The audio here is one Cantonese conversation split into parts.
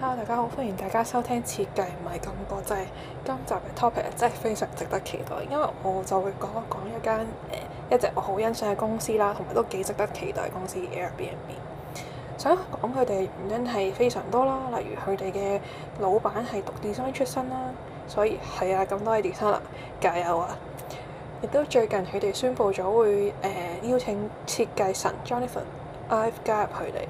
Hello 大家好，歡迎大家收聽設計唔係咁過，就係、是、今集嘅 topic 真係非常值得期待，因為我就會講一講、呃、一間誒一直我好欣賞嘅公司啦，同埋都幾值得期待公司 Airbnb。想講佢哋原因係非常多啦，例如佢哋嘅老闆係讀 design 出身啦，所以係啊，咁多嘅 designer 加油啊，亦都最近佢哋宣布咗會誒、呃、邀請設計神 Jonathan Ive 加入佢哋。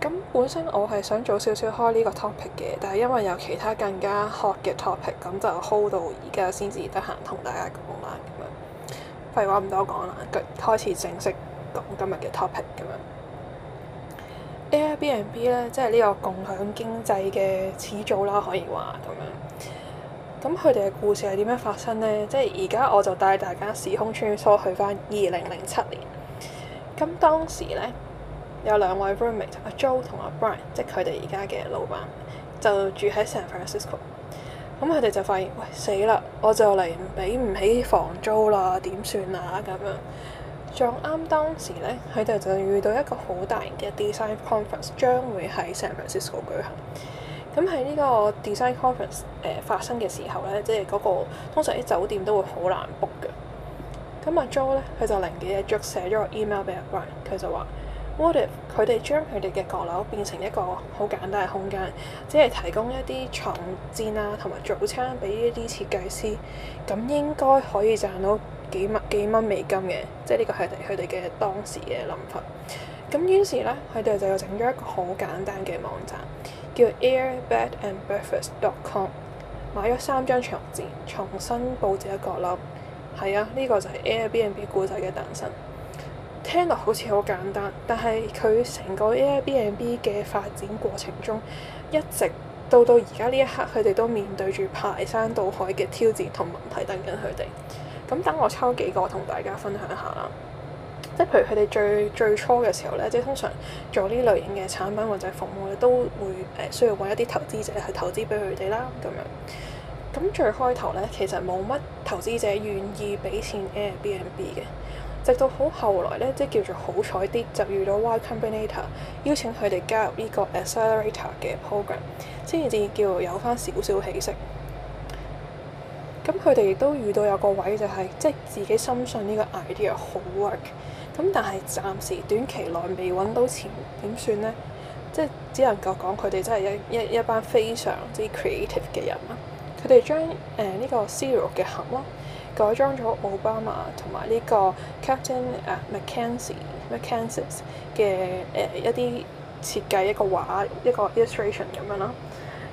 咁本身我係想早少少開呢個 topic 嘅，但係因為有其他更加 hot 嘅 topic，咁就 hold 到而家先至得閒同大家講啦。咁樣廢話唔多講啦，佢開始正式講今日嘅 topic 咁樣。Airbnb 呢，即係呢個共享經濟嘅始祖啦，可以話咁樣。咁佢哋嘅故事係點樣發生呢？即係而家我就帶大家時空穿梭去返二零零七年。咁當時呢。有兩位 roommate，阿 Joe 同阿 Brian，即係佢哋而家嘅老闆，就住喺 San Francisco。咁佢哋就發現，喂，死啦，我就嚟俾唔起房租啦，點算啊咁樣？仲啱當時咧，佢哋就遇到一個好大型嘅 design conference 將會喺 San Francisco 舉行。咁喺呢個 design conference 誒、呃、發生嘅時候咧，即係嗰、那個通常啲酒店都會好難 book 嘅。咁阿 Joe 咧，佢就靈機一觸寫咗個 email 俾阿 Brian，佢就話。What if 佢哋將佢哋嘅閣樓變成一個好簡單嘅空間，即係提供一啲牀墊啊，同埋早餐畀呢啲設計師，咁應該可以賺到幾蚊幾蚊美金嘅，即係呢個係佢哋嘅當時嘅諗法。咁於是呢，佢哋就整咗一個好簡單嘅網站，叫 AirBedAndBreakfast.com，買咗三張牀墊，重新佈置一個閣樓，係啊，呢個就係 Airbnb 故仔嘅誕生。聽落好似好簡單，但係佢成個 Airbnb 嘅發展過程中，一直到到而家呢一刻，佢哋都面對住排山倒海嘅挑戰同問題等緊佢哋。咁等我抽幾個同大家分享下啦。即係譬如佢哋最最初嘅時候呢，即係通常做呢類型嘅產品或者服務咧，都會誒、呃、需要揾一啲投資者去投資俾佢哋啦，咁樣。咁最開頭呢，其實冇乜投資者願意俾錢 Airbnb 嘅。直到好後來咧，即係叫做好彩啲，就遇到 Y Combinator 邀請佢哋加入呢個 accelerator 嘅 program，先至叫有返少少起色。咁佢哋亦都遇到有個位就係、是，即係自己深信呢個 idea 好 work，咁但係暫時短期內未揾到錢點算咧？即係只能夠講佢哋真係一一一班非常之 creative 嘅人啦。佢哋將誒呢、呃這個 cereal 嘅盒啦。改裝咗奧巴馬同埋呢個 Captain 啊、uh, McKenzie McKenzie 嘅誒、uh, 一啲設計一個畫一個 illustration 咁樣啦，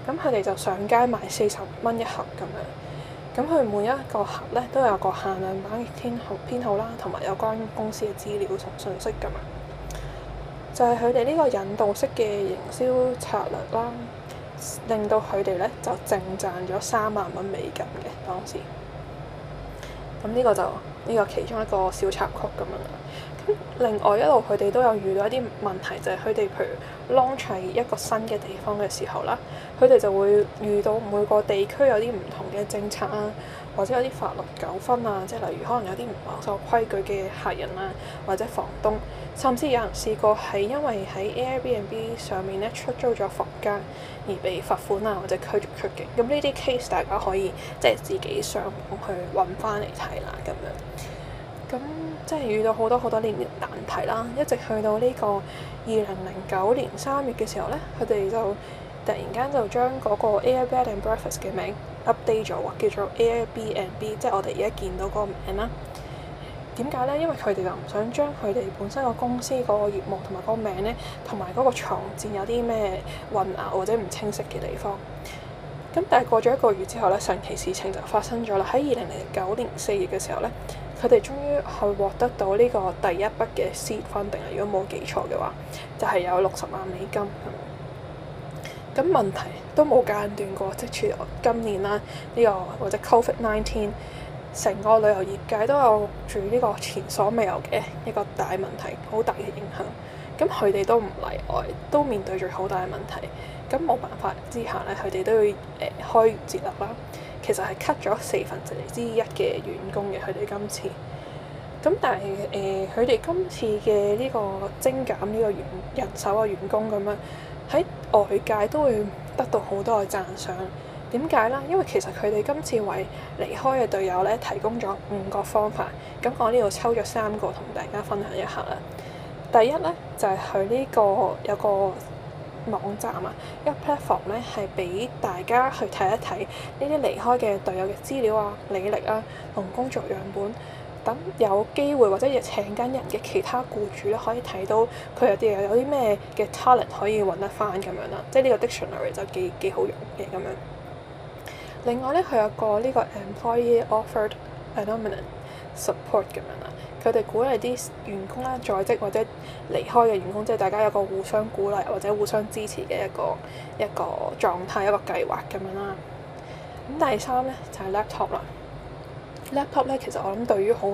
咁佢哋就上街賣四十蚊一盒咁樣，咁佢每一個盒咧都有個限量版編號編號啦，同埋有關公司嘅資料同信息㗎嘛，就係佢哋呢個引導式嘅營銷策略啦，令到佢哋咧就淨賺咗三萬蚊美金嘅當時。咁呢個就～呢個其中一個小插曲咁樣。咁另外一路佢哋都有遇到一啲問題，就係佢哋譬如 launch 一個新嘅地方嘅時候啦，佢哋就會遇到每個地區有啲唔同嘅政策啊，或者有啲法律糾紛啊，即係例如可能有啲唔守規矩嘅客人啊，或者房東，甚至有人試過係因為喺 Airbnb 上面咧出租咗房間而被罰款啊，或者驅逐出境。咁呢啲 case 大家可以即係自己上網去揾翻嚟睇啦，咁樣。咁即係遇到好多好多年嘅難題啦，一直去到呢個二零零九年三月嘅時候呢，佢哋就突然間就將嗰個 Air Bed and Breakfast 嘅名 update 咗，叫做 Airbnb，即係我哋而家見到嗰個名啦。點解呢？因為佢哋就唔想將佢哋本身個公司嗰個業務同埋嗰個名呢，同埋嗰個牀墊有啲咩混淆或者唔清晰嘅地方。咁但係過咗一個月之後呢，神奇事情就發生咗啦！喺二零零九年四月嘅時候呢。佢哋終於係獲得到呢個第一筆嘅 Seed funding。如果冇記錯嘅話，就係、是、有六十萬美金。咁問題都冇間斷過，即係今年啦，呢、這個或者 COVID-19，成個旅遊業界都有住呢個前所未有嘅一個大問題，好大嘅影響。咁佢哋都唔例外，都面對住好大嘅問題。咁冇辦法之下咧，佢哋都要誒、呃、開節流啦。其實係 cut 咗四分之一嘅員工嘅，佢哋今次。咁但係誒，佢哋今次嘅呢個精減呢個員人手嘅員工咁樣，喺外界都會得到好多嘅讚賞。點解呢？因為其實佢哋今次為離開嘅隊友呢，提供咗五個方法。咁我呢度抽咗三個同大家分享一下啦。第一呢，就係佢呢個有個。網站啊，一個 platform 咧係俾大家去睇一睇呢啲離開嘅隊友嘅資料啊、履歷啊同工作樣本，等有機會或者要請緊人嘅其他僱主咧可以睇到佢有啲又有啲咩嘅 talent 可以揾得翻咁樣啦，即係呢個 dictionary 就幾幾好用嘅咁樣。另外咧，佢有個呢個 employee offered support 咁樣啦，佢哋鼓勵啲員工啦，在職或者離開嘅員工，即係大家有個互相鼓勵或者互相支持嘅一個一個狀態，一個計劃咁樣啦。咁第三咧就係、是、laptop 啦，laptop 咧其實我諗對於好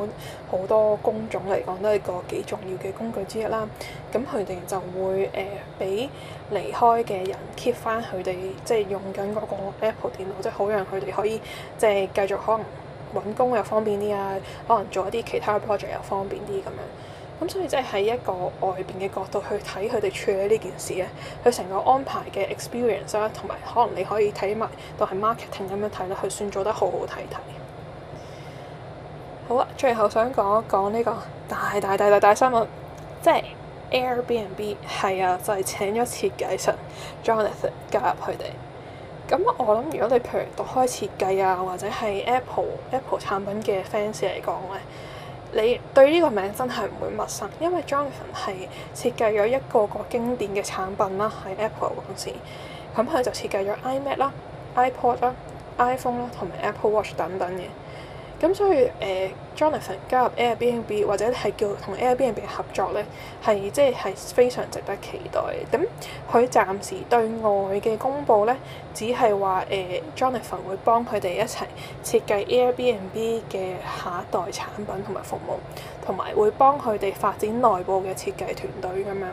好多工種嚟講都係一個幾重要嘅工具之一啦。咁佢哋就會誒俾、呃、離開嘅人 keep 翻佢哋，即係、就是、用緊嗰個 Apple 電腦，即、就、係、是、好讓佢哋可以即係、就是、繼續可能。揾工又方便啲啊，可能做一啲其他 project 又方便啲咁樣，咁所以即係喺一個外邊嘅角度去睇佢哋處理呢件事啊，佢成個安排嘅 experience 啊，同埋可能你可以睇埋都係 marketing 咁樣睇啦，佢算做得好好睇睇。好啊，最後想講講呢個大大大大第三個，即係 Airbnb 係啊，就係請咗設計神 Jonathan 加入佢哋。咁我諗，如果你譬如讀開設計啊，或者係 Apple、Apple 產品嘅 fans 嚟講咧，你對呢個名真係唔會陌生，因為 Jonathan 係設計咗一個個經典嘅產品啦，喺 Apple 嗰陣時。咁佢就設計咗 iMac 啦、iPod 啦、iPhone 啦，同埋 Apple Watch 等等嘅。咁所以誒。呃 Jonathan 加入 Airbnb 或者係叫同 Airbnb 合作咧，係即係非常值得期待嘅。咁佢暫時對外嘅公佈咧，只係話誒 Jonathan 會幫佢哋一齊設計 Airbnb 嘅下一代產品同埋服務，同埋會幫佢哋發展內部嘅設計團隊咁樣。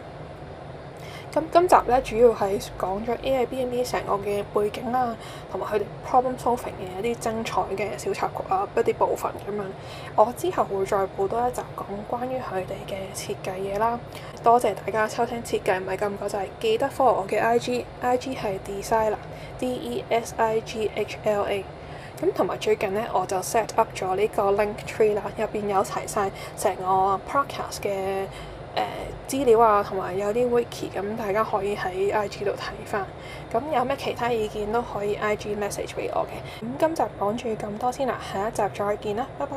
咁今集咧，主要係講咗 Airbnb 成個嘅背景啊，同埋佢哋 problem solving 嘅一啲精彩嘅小插曲啊，一啲部分咁、啊、樣。我之後會再補多一集講關於佢哋嘅設計嘢啦。多謝大家收聽設計唔係咁個仔，就係、記得 follow 我嘅 IG，IG 係 designer，D E S I G H L A。咁同埋最近呢，我就 set up 咗呢個 link tree 啦，入邊有齊晒成個 podcast 嘅。誒、呃、資料啊，同埋有啲 wiki，咁大家可以喺 IG 度睇返。咁有咩其他意見都可以 IG message 俾我嘅。咁今集講住咁多先啦，下一集再見啦，拜拜。